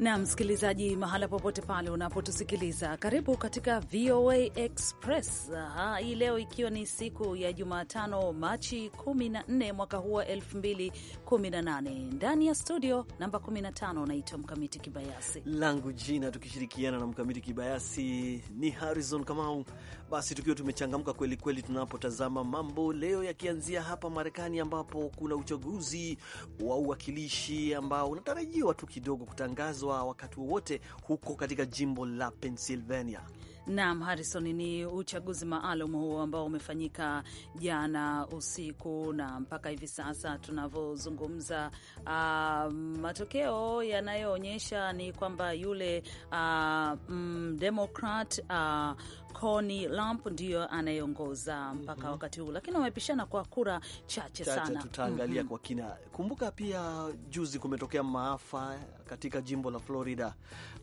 na msikilizaji, mahala popote pale unapotusikiliza, karibu katika VOA Express hii leo, ikiwa ni siku ya Jumatano Machi 14 mwaka huu wa 2018. Ndani ya studio namba 15 unaitwa Mkamiti Kibayasi, langu jina tukishirikiana na Mkamiti Kibayasi ni Harrison Kamau. Basi tukiwa tumechangamka kweli kweli, tunapotazama mambo leo yakianzia hapa Marekani, ambapo kuna uchaguzi wa uwakilishi ambao unatarajiwa tu kidogo kutangazwa wakati wowote huko katika jimbo la Pennsylvania. Naam, Harrison, ni uchaguzi maalum huo ambao umefanyika jana usiku na mpaka hivi sasa tunavyozungumza, uh, matokeo yanayoonyesha ni kwamba yule uh, mm, uh, ah, Coni Lamp ndiyo anayeongoza mpaka mm -hmm. wakati huu, lakini wamepishana kwa kura chache, chache sana. Tutaangalia mm -hmm. kwa kina. Kumbuka pia juzi kumetokea maafa katika jimbo la Florida,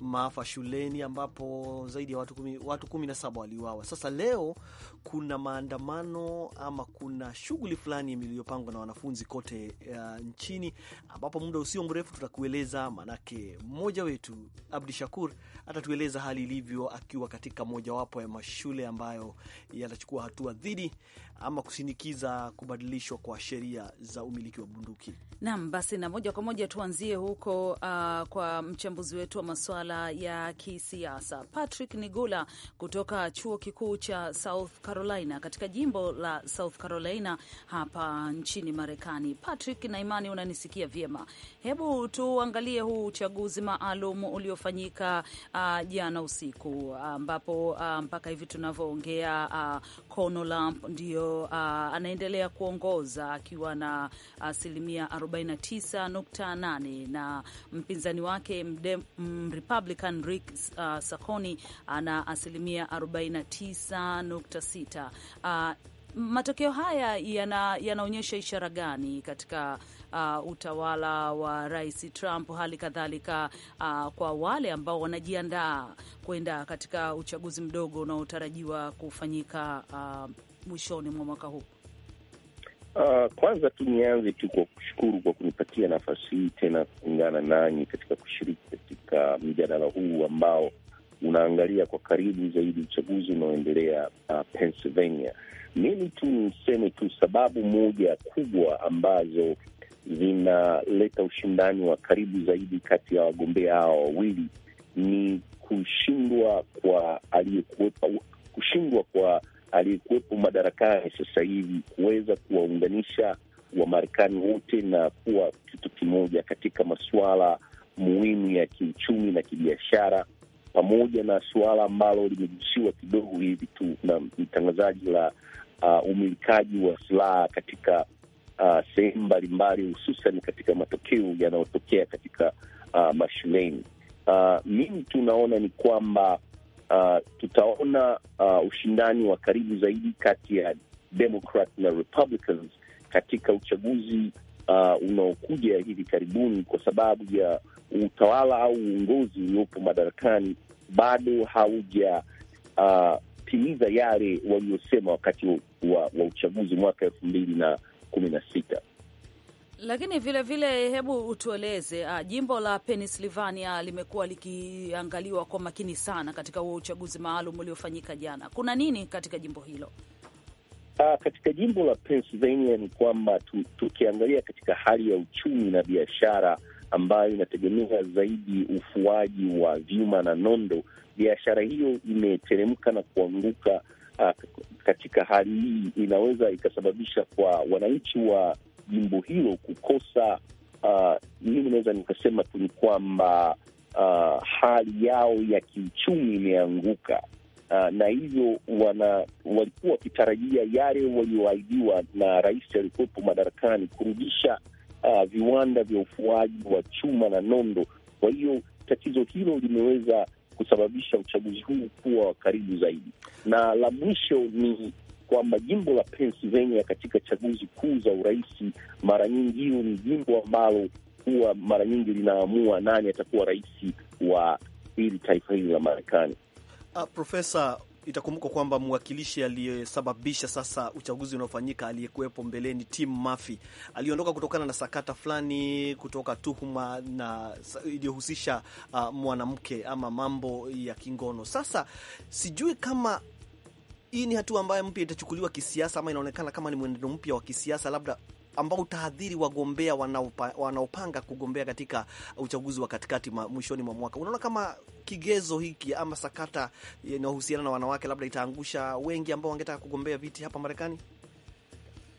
maafa shuleni ambapo zaidi ya watu kumi, watu 17 waliuawa. Sasa leo kuna maandamano ama kuna shughuli fulani iliyopangwa na wanafunzi kote uh, nchini ambapo muda usio mrefu tutakueleza, manake mmoja wetu Abdi Shakur atatueleza hali ilivyo akiwa katika mojawapo ya mashule ambayo yatachukua hatua dhidi ama kushinikiza kubadilishwa kwa sheria za umiliki wa bunduki. Naam, basi na moja kwa moja tuanzie huko, uh, kwa mchambuzi wetu wa masuala ya kisiasa Patrick Nigula kutoka chuo kikuu cha South Carolina katika jimbo la South Carolina hapa nchini Marekani. Patrick, naimani unanisikia vyema. Hebu tuangalie huu uchaguzi maalum uliofanyika uh, jana uh, usiku ambapo uh, uh, mpaka hivi tunavyoongea uh, ndio uh, anaendelea kuongoza akiwa na asilimia 49.8 na mpinzani wake mm, Republican Rick uh, Sakoni ana asilimia 49.6. Uh, matokeo haya yana, yanaonyesha ishara gani katika uh, utawala wa Rais Trump, hali kadhalika uh, kwa wale ambao wanajiandaa kwenda katika uchaguzi mdogo unaotarajiwa kufanyika uh, mwishoni mwa mwaka huu? Uh, kwanza tu nianze tu kwa kushukuru kwa kunipatia nafasi hii tena kuungana nanyi katika kushiriki katika mjadala huu ambao unaangalia kwa karibu zaidi uchaguzi unaoendelea uh, Pennsylvania. Mimi tu niseme tu sababu moja kubwa ambazo zinaleta ushindani wa karibu zaidi kati ya wagombea hawa wawili ni kushindwa kwa aliyekuwepo, kushindwa kwa aliyekuwepo madarakani sasa hivi kuweza kuwaunganisha Wamarekani wote na kuwa kitu kimoja katika masuala muhimu ya kiuchumi na kibiashara, pamoja na suala ambalo limegusiwa kidogo hivi tu na mtangazaji la uh, umilikaji wa silaha katika uh, sehemu mbalimbali, hususan katika matokeo yanayotokea katika uh, mashuleni. Uh, mimi tunaona ni kwamba uh, tutaona uh, ushindani wa karibu zaidi kati ya Democrat na Republicans katika uchaguzi uh, unaokuja hivi karibuni, kwa sababu ya utawala au uongozi uliopo madarakani bado haujatimiza uh, yale waliosema wakati wa, wa uchaguzi mwaka elfu mbili na kumi na sita. Lakini vilevile vile, hebu utueleze uh, jimbo la Pennsylvania limekuwa likiangaliwa kwa makini sana katika huo uchaguzi maalum uliofanyika jana. Kuna nini katika jimbo hilo? Uh, katika jimbo la Pennsylvania ni kwamba tukiangalia katika hali ya uchumi na biashara ambayo inategemea zaidi ufuaji wa vyuma na nondo, biashara hiyo imeteremka na kuanguka. Uh, katika hali hii inaweza ikasababisha kwa wananchi wa jimbo hilo kukosa uh, mimi naweza nikasema tu ni kwamba uh, hali yao ya kiuchumi imeanguka. Uh, na hivyo wana walikuwa wakitarajia yale walioahidiwa na rais alikuwepo madarakani kurudisha uh, viwanda vya ufuaji wa chuma na nondo. Kwa hiyo tatizo hilo limeweza kusababisha uchaguzi huu kuwa wa karibu zaidi, na la mwisho ni kwamba jimbo la Pennsylvania katika chaguzi kuu za urais, mara nyingi hiyo ni jimbo ambalo huwa mara nyingi linaamua nani atakuwa rais wa hili taifa hili la Marekani. Uh, Profesa, itakumbuka kwamba mwakilishi aliyesababisha sasa uchaguzi unaofanyika aliyekuwepo mbeleni Tim Murphy aliondoka kutokana na sakata fulani kutoka tuhuma na iliyohusisha uh, mwanamke ama mambo ya kingono. Sasa sijui kama hii ni hatua ambayo mpya itachukuliwa kisiasa, ama inaonekana kama ni mwenendo mpya wa kisiasa labda ambao utaadhiri wagombea wanaopanga kugombea katika uchaguzi wa katikati mwishoni mwa mwaka. Unaona kama kigezo hiki ama sakata inayohusiana na wanawake labda itaangusha wengi ambao wangetaka kugombea viti hapa Marekani?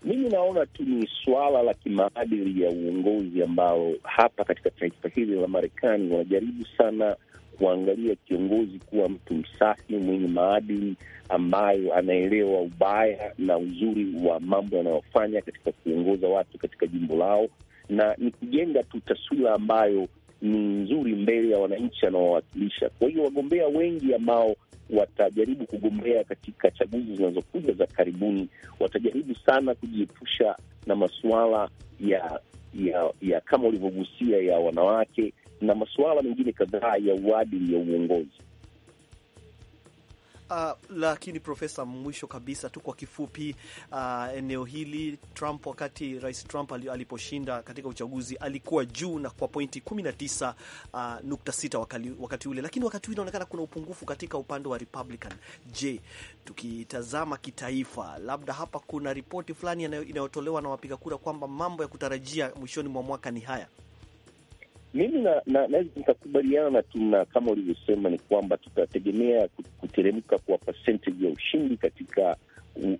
Mimi naona tu ni swala la kimaadili ya uongozi ambao hapa katika taifa hili la Marekani wanajaribu sana kuangalia kiongozi kuwa mtu msafi, mwenye maadili, ambayo anaelewa ubaya na uzuri wa mambo yanayofanya katika kuongoza watu katika jimbo lao, na ni kujenga tu taswira ambayo ni nzuri mbele ya wananchi anaowakilisha. Kwa hiyo wagombea wengi ambao watajaribu kugombea katika chaguzi zinazokuja za karibuni, watajaribu sana kujiepusha na masuala ya ya, ya kama ulivyogusia ya wanawake na masuala mengine kadhaa ya uadili ya uongozi. Uh, lakini Profesa, mwisho kabisa tu kwa kifupi, uh, eneo hili Trump, wakati Rais Trump aliposhinda katika uchaguzi alikuwa juu na kwa pointi 196 uh, wakati, wakati ule, lakini wakati huu inaonekana kuna upungufu katika upande wa Republican. Je, tukitazama kitaifa, labda hapa kuna ripoti fulani inayotolewa na wapiga kura kwamba mambo ya kutarajia mwishoni mwa mwaka ni haya mimi naweza na, na, nikakubaliana tu na kama ulivyosema ni kwamba tutategemea kuteremka kwa percentage ya ushindi katika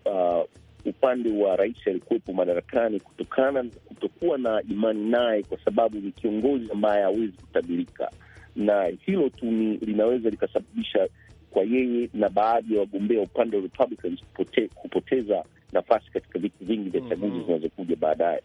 uh, upande wa rais alikuwepo madarakani kutokana na kutokuwa na imani naye, kwa sababu ni kiongozi ambaye hawezi kutabirika, na hilo tu linaweza likasababisha kwa yeye na baadhi ya wagombea upande wa Republicans kupote, kupoteza nafasi katika vitu vingi vya chaguzi mm -hmm. zinazokuja baadaye.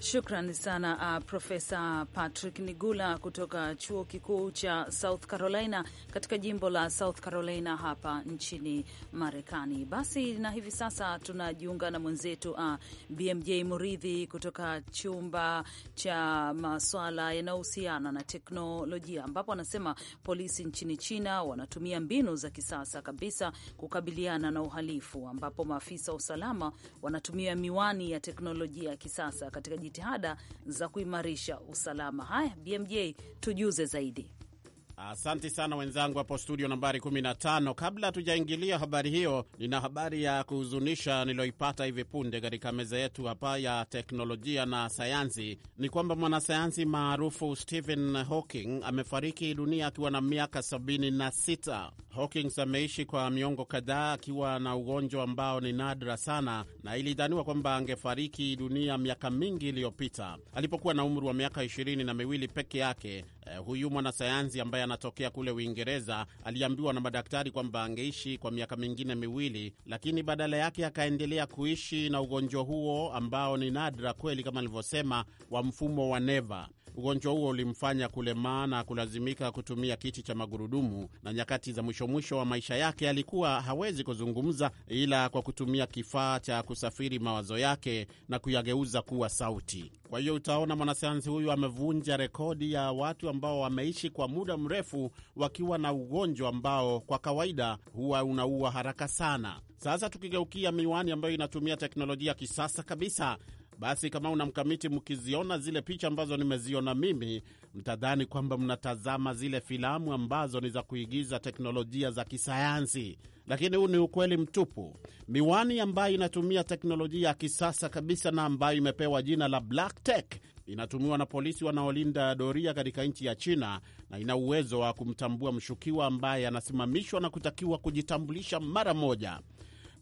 Shukrani sana uh, Profesa Patrick Nigula kutoka chuo kikuu cha South Carolina katika jimbo la South Carolina hapa nchini Marekani. Basi na hivi sasa tunajiunga na mwenzetu uh, BMJ Muridhi kutoka chumba cha maswala yanayohusiana na teknolojia, ambapo anasema polisi nchini China wanatumia mbinu za kisasa kabisa kukabiliana na uhalifu, ambapo maafisa wa usalama wanatumia miwani ya teknolojia ya kisasa katika jitihada za kuimarisha usalama. Haya, BMJ, tujuze zaidi. Asante sana wenzangu hapo studio nambari 15. Kabla hatujaingilia habari hiyo, nina habari ya kuhuzunisha niliyoipata hivi punde katika meza yetu hapa ya teknolojia na sayansi. Ni kwamba mwanasayansi maarufu Stephen Hawking amefariki dunia akiwa na miaka 76. Hawking ameishi kwa miongo kadhaa akiwa na ugonjwa ambao ni nadra sana, na ilidhaniwa kwamba angefariki dunia miaka mingi iliyopita alipokuwa na umri wa miaka ishirini na miwili peke yake. Eh, huyu mwanasayansi ambaye anatokea kule Uingereza, aliambiwa na madaktari kwamba angeishi kwa miaka mingine miwili, lakini badala yake akaendelea kuishi na ugonjwa huo ambao ni nadra kweli, kama alivyosema, wa mfumo wa neva. Ugonjwa huo ulimfanya kulemaa na kulazimika kutumia kiti cha magurudumu, na nyakati za mwisho mwisho wa maisha yake alikuwa hawezi kuzungumza ila kwa kutumia kifaa cha kusafiri mawazo yake na kuyageuza kuwa sauti. Kwa hiyo utaona mwanasayansi huyu amevunja rekodi ya watu ambao wameishi kwa muda mrefu wakiwa na ugonjwa ambao kwa kawaida huwa unaua haraka sana. Sasa tukigeukia miwani ambayo inatumia teknolojia kisasa kabisa, basi kama una mkamiti, mkiziona zile picha ambazo nimeziona mimi, mtadhani kwamba mnatazama zile filamu ambazo ni za kuigiza teknolojia za kisayansi, lakini huu ni ukweli mtupu. Miwani ambayo inatumia teknolojia ya kisasa kabisa na ambayo imepewa jina la Black Tech inatumiwa na polisi wanaolinda doria katika nchi ya China na ina uwezo wa kumtambua mshukiwa ambaye anasimamishwa na kutakiwa kujitambulisha mara moja.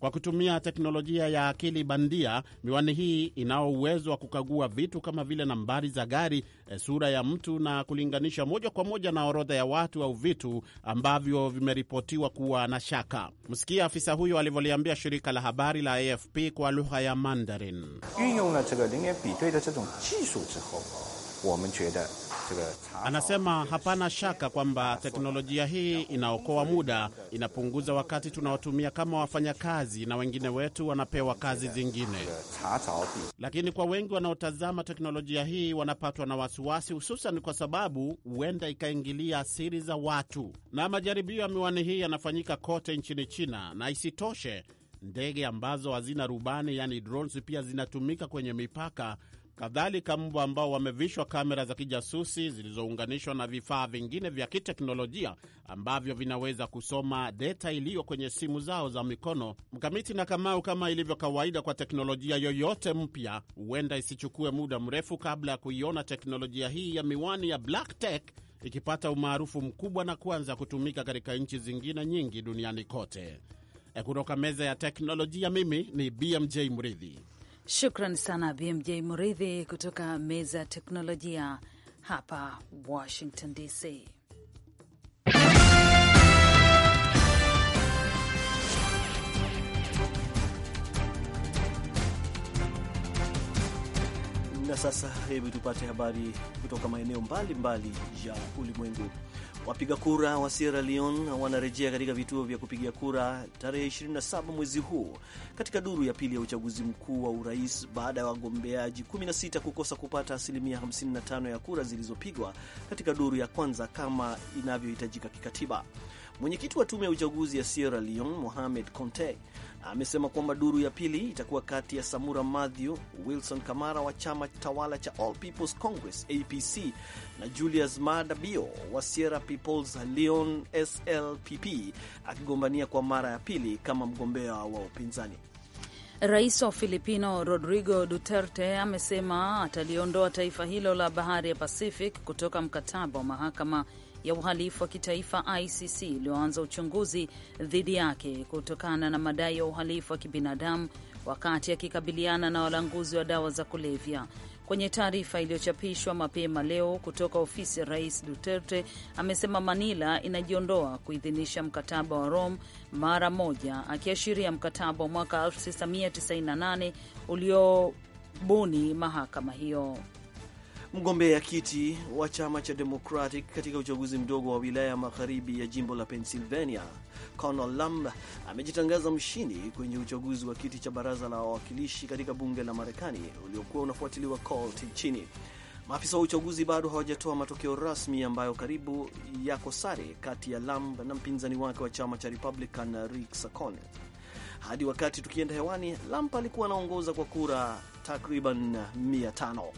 Kwa kutumia teknolojia ya akili bandia, miwani hii inao uwezo wa kukagua vitu kama vile nambari za gari, eh, sura ya mtu na kulinganisha moja kwa moja na orodha ya watu au vitu ambavyo vimeripotiwa kuwa na shaka. Msikia afisa huyo alivyoliambia shirika la habari la AFP kwa lugha ya Mandarin. Anasema hapana shaka kwamba teknolojia hii inaokoa muda, inapunguza wakati tunaotumia kama wafanyakazi, na wengine wetu wanapewa kazi zingine. Lakini kwa wengi wanaotazama teknolojia hii wanapatwa na wasiwasi, hususan kwa sababu huenda ikaingilia siri za watu. Na majaribio ya miwani hii yanafanyika kote nchini China, na isitoshe ndege ambazo hazina rubani, yani drones, pia zinatumika kwenye mipaka kadhalika mbwa ambao wamevishwa kamera za kijasusi zilizounganishwa na vifaa vingine vya kiteknolojia ambavyo vinaweza kusoma deta iliyo kwenye simu zao za mikono. Mkamiti na Kamau, kama ilivyo kawaida kwa teknolojia yoyote mpya, huenda isichukue muda mrefu kabla ya kuiona teknolojia hii ya miwani ya black tech ikipata umaarufu mkubwa na kuanza kutumika katika nchi zingine nyingi duniani kote. Eh, kutoka meza ya teknolojia, mimi ni BMJ Mridhi. Shukran sana BMJ Muridhi kutoka meza ya teknolojia hapa Washington DC. Na sasa hebu tupate habari kutoka maeneo mbalimbali ya ulimwengu. Wapiga kura wa Sierra Leone wanarejea katika vituo vya kupiga kura tarehe 27 mwezi huu katika duru ya pili ya uchaguzi mkuu wa urais baada ya wagombeaji 16 kukosa kupata asilimia 55 ya kura zilizopigwa katika duru ya kwanza kama inavyohitajika kikatiba. Mwenyekiti wa tume ya uchaguzi ya Sierra Leone Mohamed Conte amesema kwamba duru ya pili itakuwa kati ya Samura Mathew Wilson Kamara wa chama tawala cha All People's Congress APC na Julius Maada Bio wa Sierra People's Leone SLPP akigombania kwa mara ya pili kama mgombea wa upinzani. Rais wa Filipino Rodrigo Duterte amesema ataliondoa taifa hilo la bahari ya Pacific kutoka mkataba wa mahakama ya uhalifu wa kitaifa ICC iliyoanza uchunguzi dhidi yake kutokana na madai ya uhalifu wa kibinadamu wakati akikabiliana na walanguzi wa dawa za kulevya. Kwenye taarifa iliyochapishwa mapema leo kutoka ofisi ya rais Duterte, amesema Manila inajiondoa kuidhinisha mkataba wa Rome mara moja, akiashiria mkataba wa mwaka 1998 uliobuni mahakama hiyo. Mgombea kiti wa chama cha Democratic katika uchaguzi mdogo wa wilaya ya magharibi ya jimbo la Pennsylvania, Conor Lamb amejitangaza mshindi kwenye uchaguzi wa kiti cha baraza la wawakilishi katika bunge la Marekani uliokuwa unafuatiliwa kote nchini. Maafisa wa uchaguzi bado hawajatoa matokeo rasmi ambayo karibu yako sare kati ya Lamb na mpinzani wake wa chama cha Republican Rick Saccone. Hadi wakati tukienda hewani, Lamb alikuwa anaongoza kwa kura takriban 500.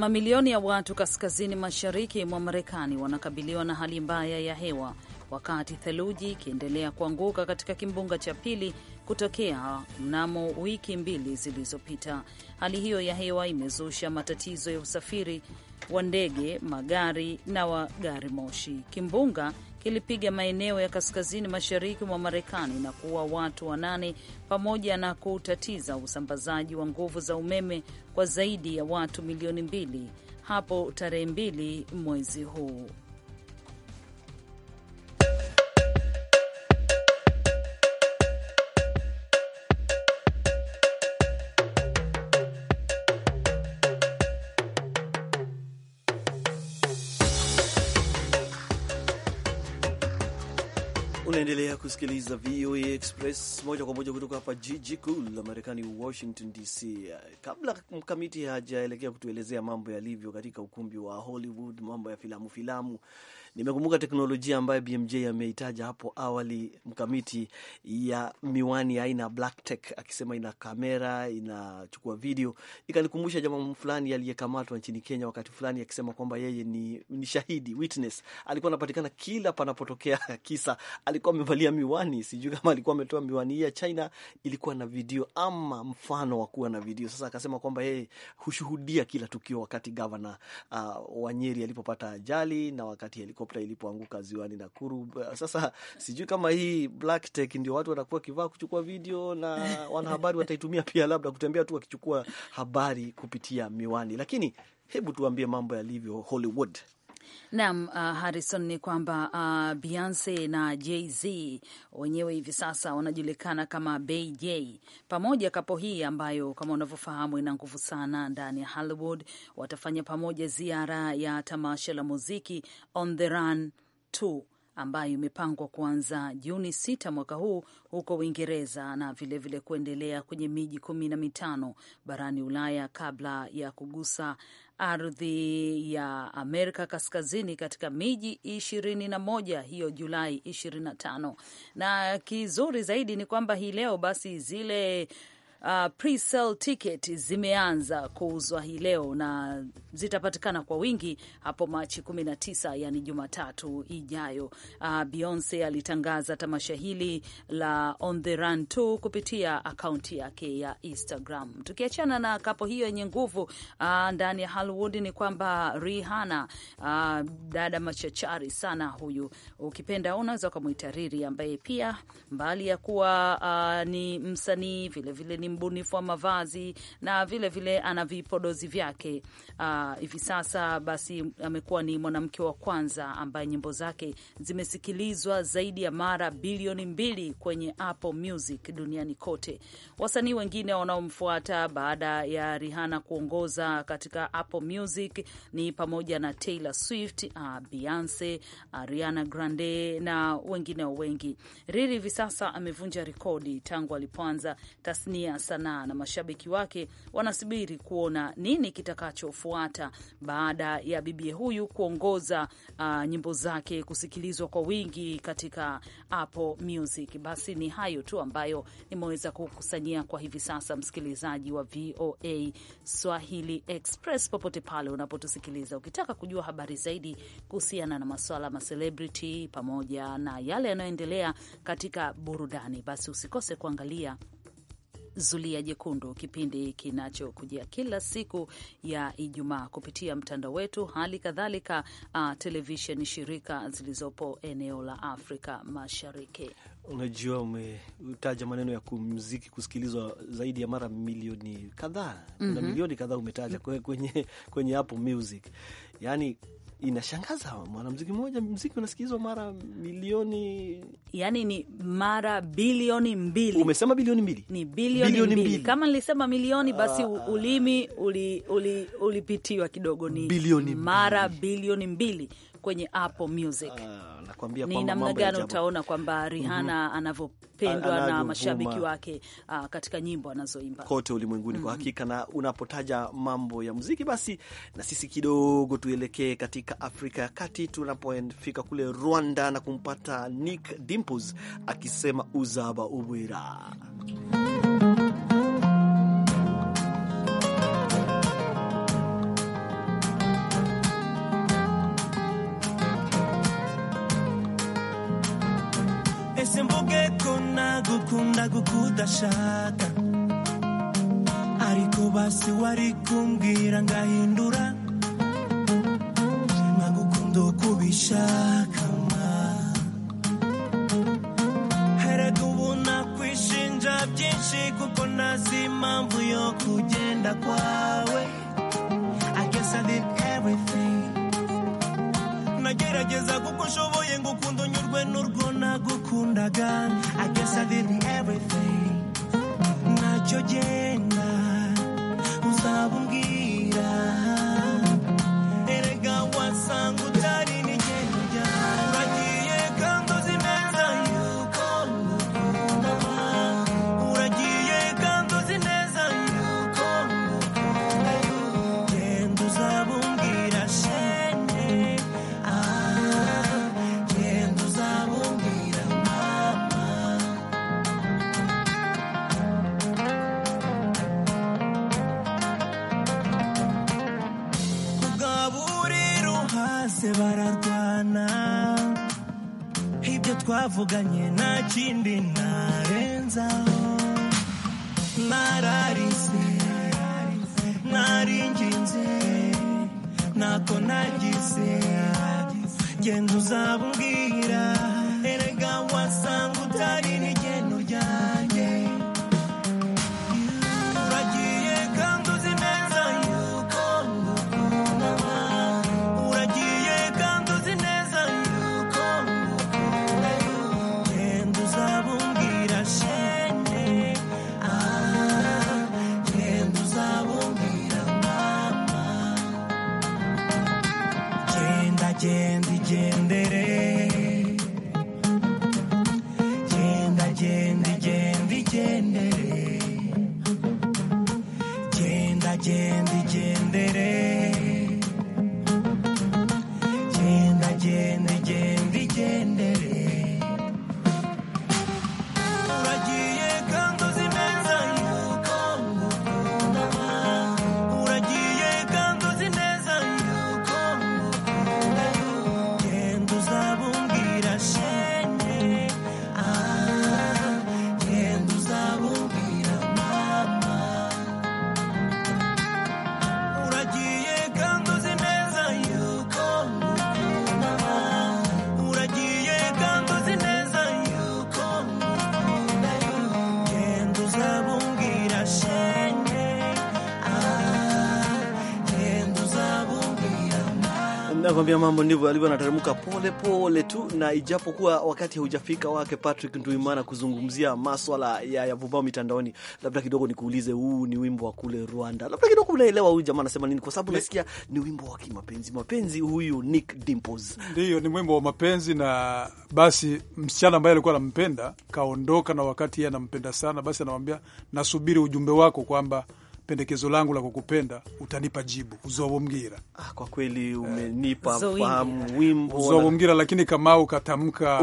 Mamilioni ya watu kaskazini mashariki mwa Marekani wanakabiliwa na hali mbaya ya hewa wakati theluji ikiendelea kuanguka katika kimbunga cha pili kutokea mnamo wiki mbili zilizopita. Hali hiyo ya hewa imezusha matatizo ya usafiri wa ndege, magari na wa gari moshi. Kimbunga kilipiga maeneo ya kaskazini mashariki mwa Marekani na kuua watu wanane pamoja na kutatiza usambazaji wa nguvu za umeme kwa zaidi ya watu milioni mbili hapo tarehe mbili mwezi huu. Unaendelea kusikiliza VOA Express moja kwa moja kutoka hapa jiji kuu la Marekani, Washington DC. Kabla mkamiti hajaelekea kutuelezea mambo yalivyo katika ukumbi wa Hollywood, mambo ya filamu filamu, Nimekumbuka teknolojia ambayo BMJ ameitaja hapo awali, mkamiti ya miwani ya aina black tech, akisema ina kamera inachukua video, ikanikumbusha jamaa fulani aliyekamatwa nchini Kenya wakati fulani akisema kwamba yeye ni, ni shahidi witness, alikuwa anapatikana kila panapotokea kisa, alikuwa amevalia miwani. Sijui kama alikuwa ametoa miwani ya China ilikuwa na video ama mfano wa kuwa na video. Sasa akasema kwamba yeye hushuhudia kila tukio, wakati gavana uh, wa Nyeri alipopata ajali na wakati helikopta ilipoanguka ziwani Nakuru. Sasa sijui kama hii black tech ndio watu watakuwa wakivaa kuchukua video na wanahabari wataitumia pia, labda kutembea tu wakichukua habari kupitia miwani. Lakini hebu tuambie mambo yalivyo Hollywood. Naam, uh, Harrison, ni kwamba uh, Beyonce na Jay-Z wenyewe hivi sasa wanajulikana kama bj pamoja kapo hii ambayo kama unavyofahamu ina nguvu sana ndani ya Hollywood. Watafanya pamoja ziara ya tamasha la muziki On The Run 2 ambayo imepangwa kuanza Juni sita mwaka huu huko Uingereza na vilevile vile kuendelea kwenye miji kumi na mitano barani Ulaya kabla ya kugusa ardhi ya Amerika Kaskazini katika miji ishirini na moja hiyo Julai ishirini na tano na kizuri zaidi ni kwamba hii leo basi zile uh, pre-sale ticket zimeanza kuuzwa hii leo na zitapatikana kwa wingi hapo Machi 19, yani Jumatatu ijayo. Uh, Beyonce alitangaza tamasha hili la On The Run 2 kupitia akaunti yake ya Instagram. Tukiachana na kapo hiyo yenye nguvu uh, ndani ya Hollywood ni kwamba Rihanna uh, dada machachari sana huyu, ukipenda unaweza ukamwita Riri, ambaye pia mbali ya kuwa uh, ni msanii vilevile ni mbunifu wa mavazi na vile vile ana vipodozi vyake. Ah, hivi uh, sasa basi amekuwa ni mwanamke wa kwanza ambaye nyimbo zake zimesikilizwa zaidi ya mara bilioni mbili kwenye Apple Music duniani kote. Wasanii wengine wanaomfuata baada ya Rihanna kuongoza katika Apple Music ni pamoja na Taylor Swift, uh, ah, Beyonce, ah, Ariana Grande na wengine wengi. Riri hivi sasa amevunja rekodi tangu alipoanza tasnia sanaa na mashabiki wake wanasubiri kuona nini kitakachofuata baada ya bibie huyu kuongoza uh, nyimbo zake kusikilizwa kwa wingi katika Apple Music. Basi ni hayo tu ambayo nimeweza kukusanyia kwa hivi sasa, msikilizaji wa VOA Swahili Express, popote pale unapotusikiliza. Ukitaka kujua habari zaidi kuhusiana na maswala ma celebrity pamoja na yale yanayoendelea katika burudani, basi usikose kuangalia Zulia Jekundu, kipindi kinachokujia kila siku ya Ijumaa kupitia mtandao wetu, hali kadhalika uh, televisheni shirika zilizopo eneo la Afrika Mashariki. Unajua, umetaja maneno ya kumziki kusikilizwa zaidi ya mara milioni kadhaa, kuna mm -hmm. milioni kadhaa umetaja mm. kwenye, kwenye Apple Music yani Inashangaza, mwanamziki mmoja, mziki unasikilizwa mara milioni, yani ni mara bilioni mbili. Umesema bilioni mbili? Ni bilioni, bilioni mbili. Mbili. Kama nilisema milioni, basi ah. ulimi ulipitiwa uli, uli kidogo, ni bilioni mara bilioni mbili kwenye Apple Music. Ah, ni namna gani utaona kwamba mhm. Rihanna mm -hmm. anavyopendwa na mashabiki wake uh, katika nyimbo anazoimba kote ulimwenguni mm -hmm. kwa mhm. hakika, na unapotaja mambo ya muziki, basi na sisi kidogo tuelekee katika Afrika ya Kati tunapofika kule Rwanda na kumpata Nick Dimples akisema uzaba ubwira rwose mvuge ko nagukunda gukudashaka ariko basi wari kumbwira ngahindura nagukunda uko ubishaka herega ubu nakwishinja byinshi kuko nazi impamvu yo kugenda kwawe gerageza kuko ushoboye ngo ukunde unyurwe n'urwo nagukundaga I guess everything ntacyo genda uzaba bavuganye nta kindi narenzaho nararize naringinze ntako nagize ngenda uzabumbwira erega wasanga utari nigenda Nakwambia mambo ndivyo alivyo, anateremka pole pole tu, na ijapokuwa wakati haujafika wake Patrick Nduimana kuzungumzia maswala ya yavumbao mitandaoni, labda kidogo nikuulize, huu ni wimbo wa kule Rwanda, labda kidogo unaelewa huyu jamaa anasema nini, kwa sababu nasikia ni wimbo wa kimapenzi mapenzi. Huyu Nick Dimples, ndiyo ni wimbo wa mapenzi. Na basi msichana ambaye alikuwa anampenda kaondoka, na wakati yeye anampenda sana, basi anamwambia nasubiri ujumbe wako kwamba pendekezo langu la kukupenda utanipa jibu uzobomgira. Ah, kwa kweli umenipa eh, fahamu wimbo uzobomgira, lakini kama ukatamka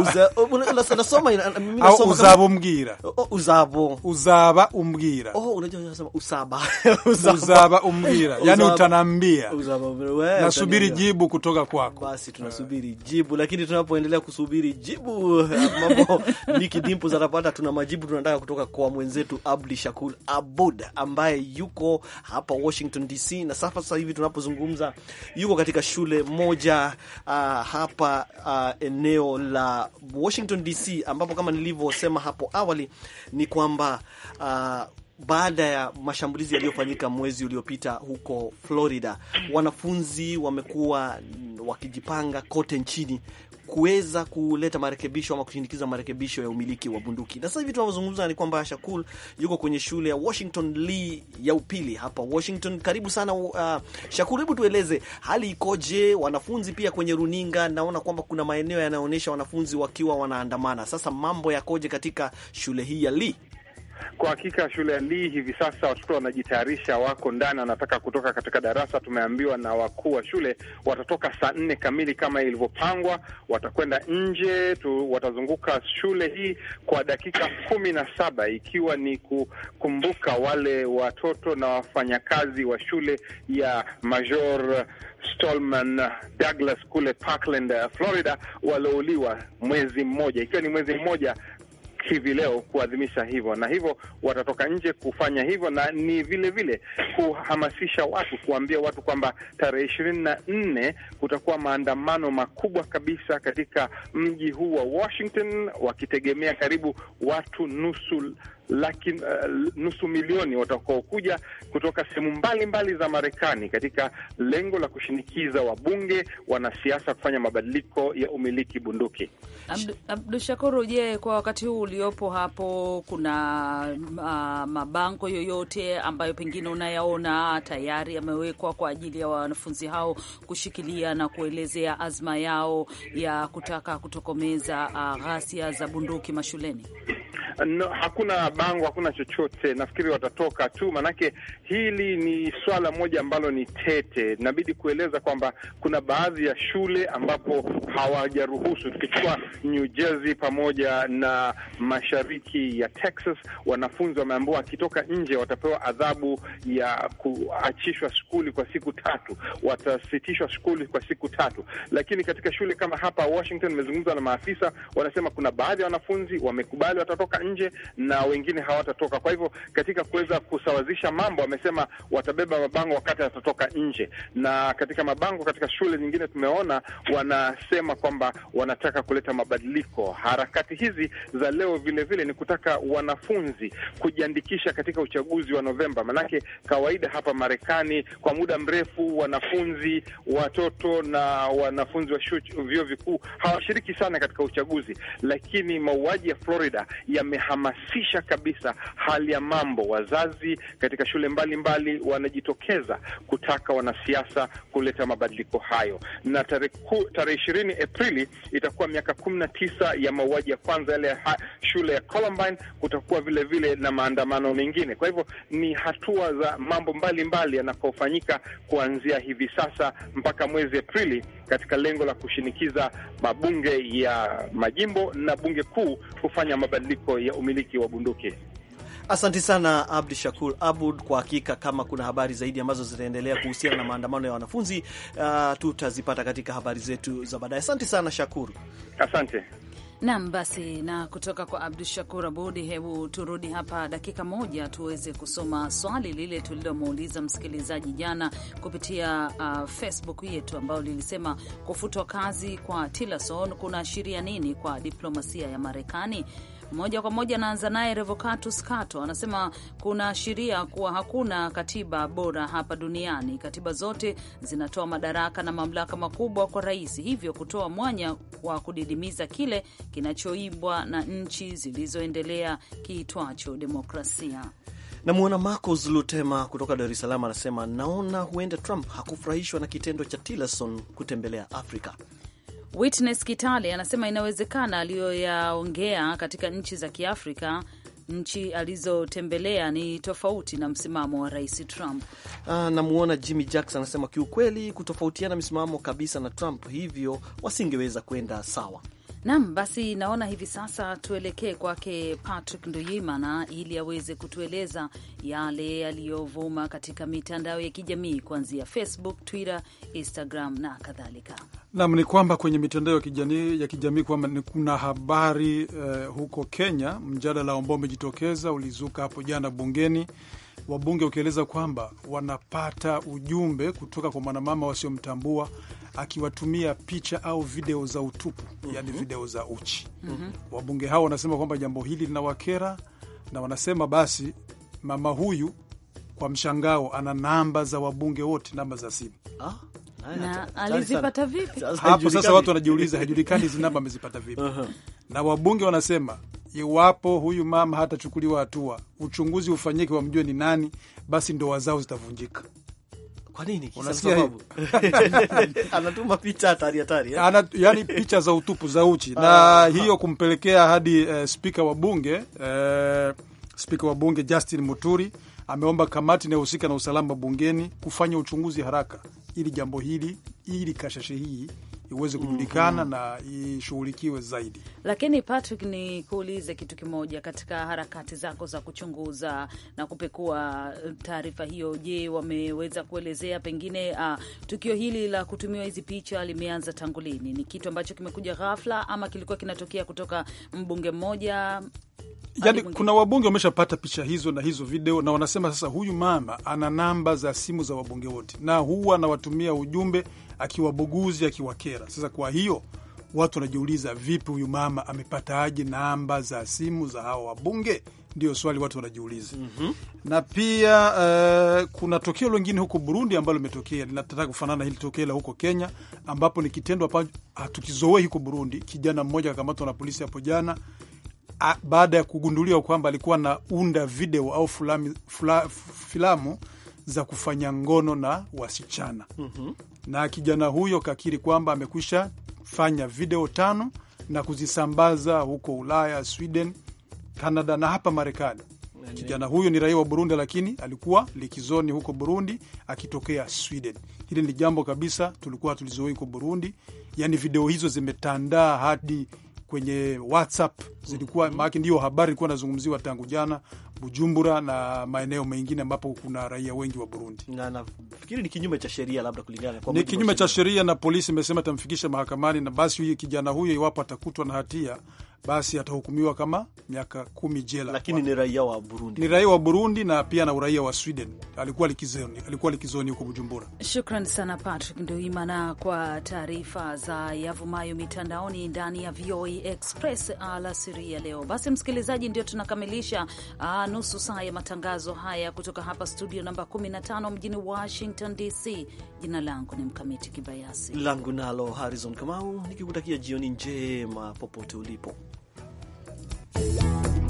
nasoma au uzabomgira uzabo uzaba umgira oh, unajua unasema usaba uzaba umgira, yani utanambia nasubiri jibu kutoka kwako. Basi tunasubiri jibu, lakini tunapoendelea kusubiri jibu mambo Niki Dimples atapata, tuna majibu tunataka kutoka kwa mwenzetu Abdi Shakur Abud ambaye yuko yuko hapa Washington DC, na sasa hivi tunapozungumza yuko katika shule moja uh, hapa uh, eneo la Washington DC, ambapo kama nilivyosema hapo awali ni kwamba uh, baada ya mashambulizi yaliyofanyika mwezi uliopita huko Florida, wanafunzi wamekuwa wakijipanga kote nchini kuweza kuleta marekebisho ama kushinikiza marekebisho ya umiliki wa bunduki. Na sasa hivi tunavyozungumza ni kwamba Shakul yuko kwenye shule ya Washington Lee ya upili hapa Washington. Karibu sana uh, Shakul, hebu tueleze hali ikoje? Wanafunzi pia kwenye runinga naona kwamba kuna maeneo yanayoonyesha wanafunzi wakiwa wanaandamana. Sasa mambo yakoje katika shule hii ya Lee? Kwa hakika shule ya Lee hivi sasa watoto wanajitayarisha, wako ndani, wanataka kutoka katika darasa. Tumeambiwa na wakuu wa shule watatoka saa nne kamili kama ilivyopangwa. Watakwenda nje tu, watazunguka shule hii kwa dakika kumi na saba ikiwa ni kukumbuka wale watoto na wafanyakazi wa shule ya Major Stallman Douglas kule Parkland, Florida, waliouliwa mwezi mmoja, ikiwa ni mwezi mmoja hivi leo kuadhimisha hivyo, na hivyo watatoka nje kufanya hivyo, na ni vile vile kuhamasisha watu, kuambia watu kwamba tarehe ishirini na nne kutakuwa maandamano makubwa kabisa katika mji huu wa Washington, wakitegemea karibu watu nusu laki uh, nusu milioni watakaokuja kutoka sehemu mbalimbali za Marekani katika lengo la kushinikiza wabunge, wanasiasa kufanya mabadiliko ya umiliki bunduki. Abdu, Shakuru, je, kwa wakati huu uliopo hapo kuna uh, mabango yoyote ambayo pengine unayaona tayari yamewekwa kwa ajili ya wanafunzi hao kushikilia na kuelezea azma yao ya kutaka kutokomeza uh, ghasia za bunduki mashuleni? No, hakuna bango, hakuna chochote. Nafikiri watatoka tu, maanake hili ni swala moja ambalo ni tete. Inabidi kueleza kwamba kuna baadhi ya shule ambapo hawajaruhusu. Tukichukua New Jersey pamoja na mashariki ya Texas, wanafunzi wameambiwa wakitoka nje watapewa adhabu ya kuachishwa skuli kwa siku tatu, watasitishwa skuli kwa siku tatu. Lakini katika shule kama hapa Washington, nimezungumza na maafisa, wanasema kuna baadhi ya wanafunzi wamekubali watatoka nje na wengine hawatatoka. Kwa hivyo katika kuweza kusawazisha mambo, wamesema watabeba mabango wakati atatoka nje, na katika mabango katika shule nyingine tumeona wanasema kwamba wanataka kuleta mabadiliko. Harakati hizi za leo vile vile ni kutaka wanafunzi kujiandikisha katika uchaguzi wa Novemba, manake kawaida hapa Marekani kwa muda mrefu wanafunzi, watoto na wanafunzi wa vyuo vikuu hawashiriki sana katika uchaguzi, lakini mauaji ya Florida yame wamehamasisha kabisa hali ya mambo. Wazazi katika shule mbalimbali mbali wanajitokeza kutaka wanasiasa kuleta mabadiliko hayo, na tarehe ishirini Aprili itakuwa miaka kumi na tisa ya mauaji ya kwanza yale ya shule ya Columbine. Kutakuwa vilevile vile na maandamano mengine. Kwa hivyo ni hatua za mambo mbalimbali yanakofanyika kuanzia hivi sasa mpaka mwezi Aprili katika lengo la kushinikiza mabunge ya majimbo na bunge kuu kufanya mabadiliko ya umiliki wa bunduki. Asante sana Abdi Shakur Abud. Kwa hakika kama kuna habari zaidi ambazo zitaendelea kuhusiana na maandamano ya wanafunzi uh, tutazipata katika habari zetu za baadaye. Asante sana Shakur, asante. Nam basi, na kutoka kwa Abdu Shakur Abudi, hebu turudi hapa dakika moja tuweze kusoma swali lile tulilomuuliza msikilizaji jana kupitia uh, Facebook yetu ambayo lilisema kufutwa kazi kwa Tillerson kunaashiria nini kwa diplomasia ya Marekani? Moja kwa moja naanza naye Revocatus Kato, anasema kuna sheria kuwa hakuna katiba bora hapa duniani. Katiba zote zinatoa madaraka na mamlaka makubwa kwa rais, hivyo kutoa mwanya wa kudidimiza kile kinachoibwa na nchi zilizoendelea kiitwacho demokrasia. Namwona Marcos Lutema kutoka Dar es Salaam anasema, naona huenda Trump hakufurahishwa na kitendo cha Tillerson kutembelea Afrika. Witness Kitale anasema inawezekana aliyoyaongea katika nchi za Kiafrika nchi alizotembelea ni tofauti na msimamo wa rais Trump. Ah, namuona Jimmy Jackson anasema kiukweli, kutofautiana msimamo kabisa na Trump, hivyo wasingeweza kwenda sawa. Naam, basi naona hivi sasa tuelekee kwake Patrick Nduyimana ili aweze kutueleza yale yaliyovuma katika mitandao ya kijamii kuanzia Facebook, Twitter, Instagram na kadhalika. Naam, ni kwamba kwenye mitandao ya kijamii ya kijamii kwamba kuna habari eh, huko Kenya mjadala ambao umejitokeza ulizuka hapo jana bungeni wabunge wakieleza kwamba wanapata ujumbe kutoka kwa mwanamama wasiomtambua akiwatumia picha au video za utupu, mm -hmm. Yani video za uchi mm -hmm. Wabunge hao wanasema kwamba jambo hili linawakera na wanasema basi mama huyu kwa mshangao ana namba za wabunge wote, namba za simu ah alizipata vipi? Hapo sasa watu wanajiuliza, haijulikani hizi namba amezipata vipi? uh -huh. Na wabunge wanasema iwapo huyu mama hatachukuliwa hatua, uchunguzi ufanyike, wamjue ni nani, basi ndoa zao zitavunjika. Kwa nini? sababu anatuma picha hatari hatari, eh? yani picha za utupu za uchi na ah. hiyo kumpelekea hadi uh, spika wa bunge uh, spika wa bunge Justin Muturi ameomba kamati inayohusika na usalama bungeni kufanya uchunguzi haraka ili jambo hili ili kashashi hii iweze mhm. kujulikana mm -hmm. na ishughulikiwe zaidi. Lakini Patrick, ni kuulize kitu kimoja, katika harakati zako za kuchunguza na kupekua taarifa hiyo, je, wameweza kuelezea pengine uh, tukio hili la kutumiwa hizi picha limeanza tangu lini? Ni kitu ambacho kimekuja ghafla ama kilikuwa kinatokea kutoka mbunge mmoja? Yani, kuna wabunge wameshapata picha hizo na hizo video, na wanasema sasa, huyu mama ana namba za simu za wabunge wote na huwa anawatumia ujumbe akiwabuguzi, akiwakera. Sasa kwa hiyo watu wanajiuliza, vipi huyu mama amepataje namba za simu za hawa wabunge? Ndio swali watu wanajiuliza. mm -hmm. Na pia uh, kuna tokeo lingine huko Burundi ambalo limetokea linataka kufanana na hili tokeo la huko Kenya, ambapo ni kitendo ambacho hatukizoei huko Burundi. Kijana mmoja akamatwa na polisi hapo jana baada ya kugunduliwa kwamba alikuwa anaunda video au filamu za kufanya ngono na wasichana mm -hmm. Na kijana huyo kakiri kwamba amekwisha fanya video tano na kuzisambaza huko Ulaya, Sweden, Canada na hapa Marekani. Kijana huyo ni raia wa Burundi, lakini alikuwa likizoni huko Burundi akitokea Sweden. Hili ni jambo kabisa tulikuwa tulizoei huko Burundi, Yani video hizo zimetandaa hadi kwenye WhatsApp zilikuwa mm -hmm. Maake Ndiyo habari ilikuwa inazungumziwa tangu jana Bujumbura na maeneo mengine ambapo kuna raia wengi wa Burundi. Na nafikiri ni kinyume cha sheria, labda kulingana kwa ni kinyume cha sheria, na polisi imesema itamfikisha mahakamani, na basi huyu kijana huyo, iwapo atakutwa na hatia, basi atahukumiwa kama miaka kumi jela, lakini ni raia wa Burundi, ni raia wa Burundi na pia na uraia wa Sweden. Alikuwa likizoni, alikuwa likizoni huko Bujumbura. Shukran sana Patrick Nduimana kwa taarifa za yavumayo mitandaoni ndani ya VOA e Express alasiri ya leo. Basi msikilizaji, ndio tunakamilisha aa, ah, nusu saa ya matangazo haya kutoka hapa studio namba 15 mjini Washington DC. Jina langu ni Mkamiti Kibayasi, langu nalo Harrison Kamau, nikikutakia jioni njema popote ulipo. Bye.